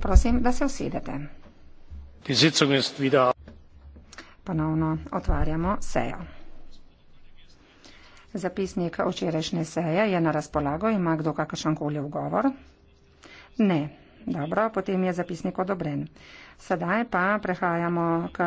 prosim da se usedete ponovno otvarjamo sejo zapisnik včerajšnje seje je na razpolago ima kdo kakršenkoli ugovor ne dobro potem je zapisnik odobren sedaj pa prehajamo k